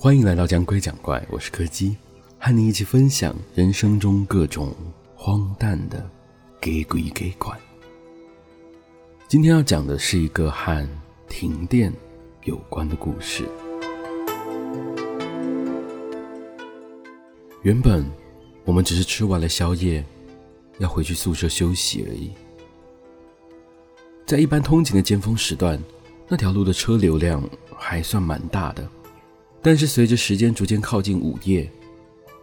歡迎來到講鬼講怪，我是柯基，和你一起分享人生中各種荒誕的假鬼假怪。今天要講的是一個和停電有關的故事。原本我們只是吃完了宵夜。要回去宿舍休息而已。在一般通勤的尖峰時段，那條路的車流量還算蠻大的，但是隨着時間逐漸靠近午夜，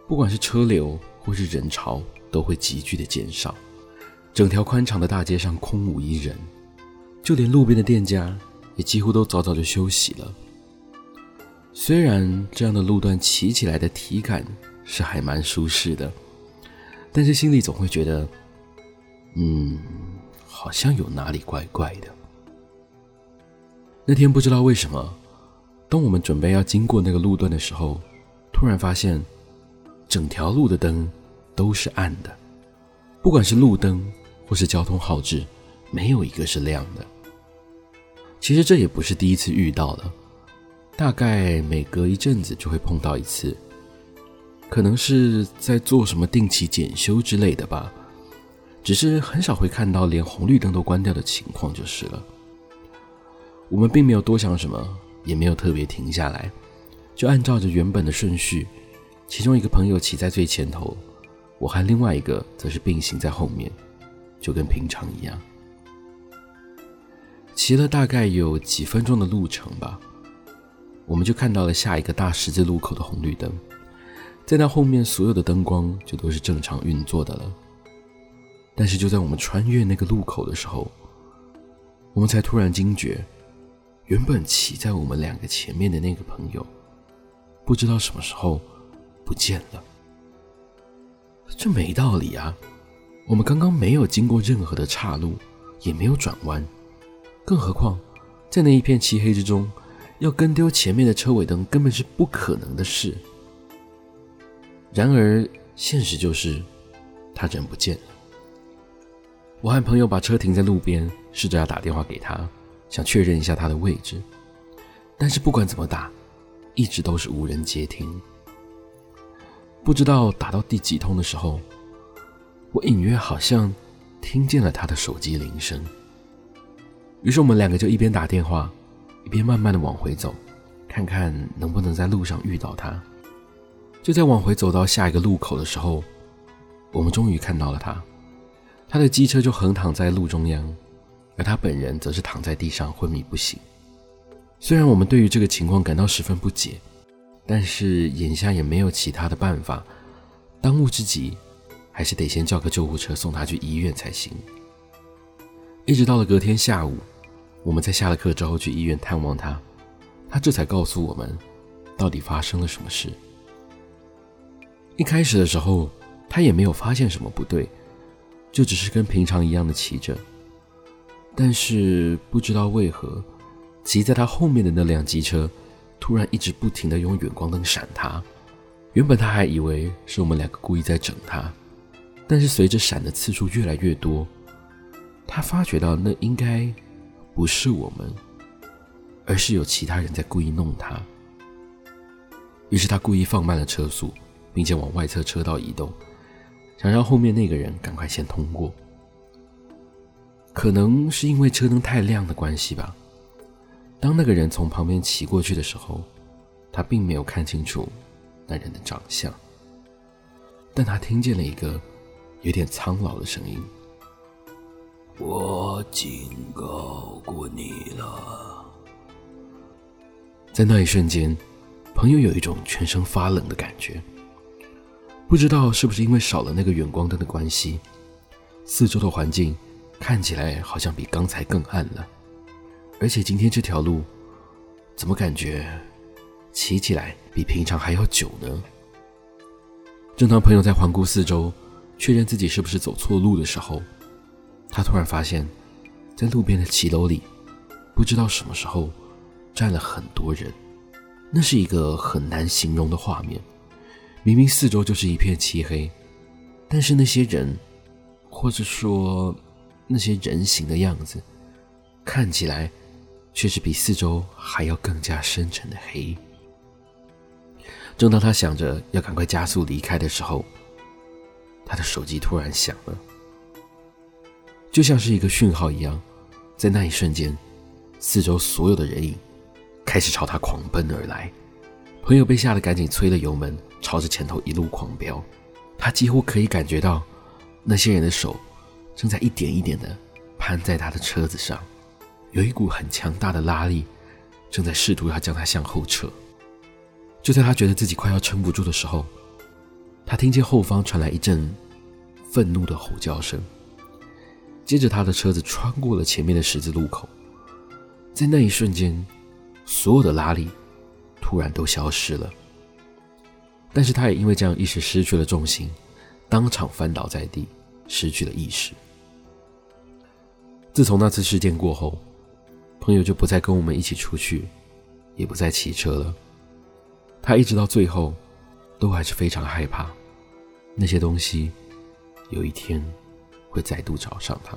不管是車流或是人潮都會急劇的減少，整條寬敞的大街上空無一人，就連路邊的店家也幾乎都早早就休息了。雖然這樣的路段騎起來的體感是還蠻舒適的。但是心裡總會覺得，嗯，好像有哪裡怪怪的。那天不知道為什麼，當我們準備要經過那個路段的時候，突然發現，整條路的燈都是暗的，不管是路燈或是交通號志，沒有一個是亮的。其實這也不是第一次遇到了，大概每隔一陣子就會碰到一次。可能是在做什麼定期檢修之類的吧，只是很少會看到連紅綠燈都關掉的情況，就是了。我們並沒有多想什麼，也沒有特別停下來，就按照着原本的順序。其中一個朋友騎在最前頭，我和另外一個則是並行在後面，就跟平常一樣。騎了大概有幾分鐘的路程吧，我們就看到了下一個大十字路口的紅綠燈。在那後面，所有的燈光就都是正常運作的了。但是就在我們穿越那個路口的時候，我們才突然驚覺，原本騎在我們兩個前面的那個朋友，不知道什麼時候不見了。這沒道理啊！我們剛剛沒有經過任何的岔路，也沒有轉彎，更何況在那一片漆黑之中，要跟丟前面的車尾燈根本是不可能的事。然而，現實就是，他人不見了。我和朋友把車停在路邊，試着要打電話給他，想確認一下他的位置。但是不管怎麼打，一直都是無人接聽。不知道打到第幾通的時候，我隱約好像聽見了他的手機鈴聲。於是我們兩個就一邊打電話，一邊慢慢的往回走，看看能不能在路上遇到他。就在往回走到下一個路口的時候，我們終於看到了他，他的機車就橫躺在路中央，而他本人則是躺在地上昏迷不醒。雖然我們對於這個情況感到十分不解，但是眼下也沒有其他的辦法，當務之急還是得先叫個救護車送他去醫院才行。一直到了隔天下午，我們在下了課之後去醫院探望他，他這才告訴我們，到底發生了什麼事。一開始的時候，他也沒有發現什麼不對，就只是跟平常一樣的騎着。但是不知道為何，騎在他後面的那輛機車突然一直不停地用遠光燈閃他。原本他還以為是我們兩個故意在整他，但是隨着閃的次數越來越多，他發覺到那應該不是我們，而是有其他人在故意弄他。於是他故意放慢了車速。並且往外側車道移動，想讓後面那個人趕快先通過。可能是因為車燈太亮的關係吧。當那個人從旁邊騎過去的時候，他並沒有看清楚那人的長相，但他聽見了一個有點蒼老的聲音：“我警告過你了。”在那一瞬間，朋友有一種全身發冷的感覺。不知道是不是因為少了那個遠光燈的關係，四周的環境看起來好像比剛才更暗了。而且今天這條路怎麼感覺騎起來比平常還要久呢？正當朋友在環顧四周，確認自己是不是走錯路的時候，他突然發現，在路邊的騎樓裡，不知道什麼時候站了很多人。那是一個很難形容的畫面。明明四周就是一片漆黑，但是那些人，或者說那些人形的樣子，看起來卻是比四周還要更加深沉的黑。正當他想着要趕快加速離開的時候，他的手機突然響了。就像是一個訊號一樣，在那一瞬間，四周所有的人影開始朝他狂奔而來。朋友被嚇得趕緊催了油門，朝着前頭一路狂飆。他幾乎可以感覺到那些人的手正在一點一點地攀在他的車子上，有一股很強大的拉力正在試圖要將他向後扯。就在他覺得自己快要撐不住的時候，他聽見後方傳來一陣憤怒的吼叫聲。接着，他的車子穿過了前面的十字路口。在那一瞬間，所有的拉力。突然都消失了，但是他也因為這樣一時失去了重心，當場翻倒在地，失去了意識。自從那次事件過後，朋友就不再跟我們一起出去，也不再騎車了。他一直到最後，都還是非常害怕，那些東西有一天會再度找上他。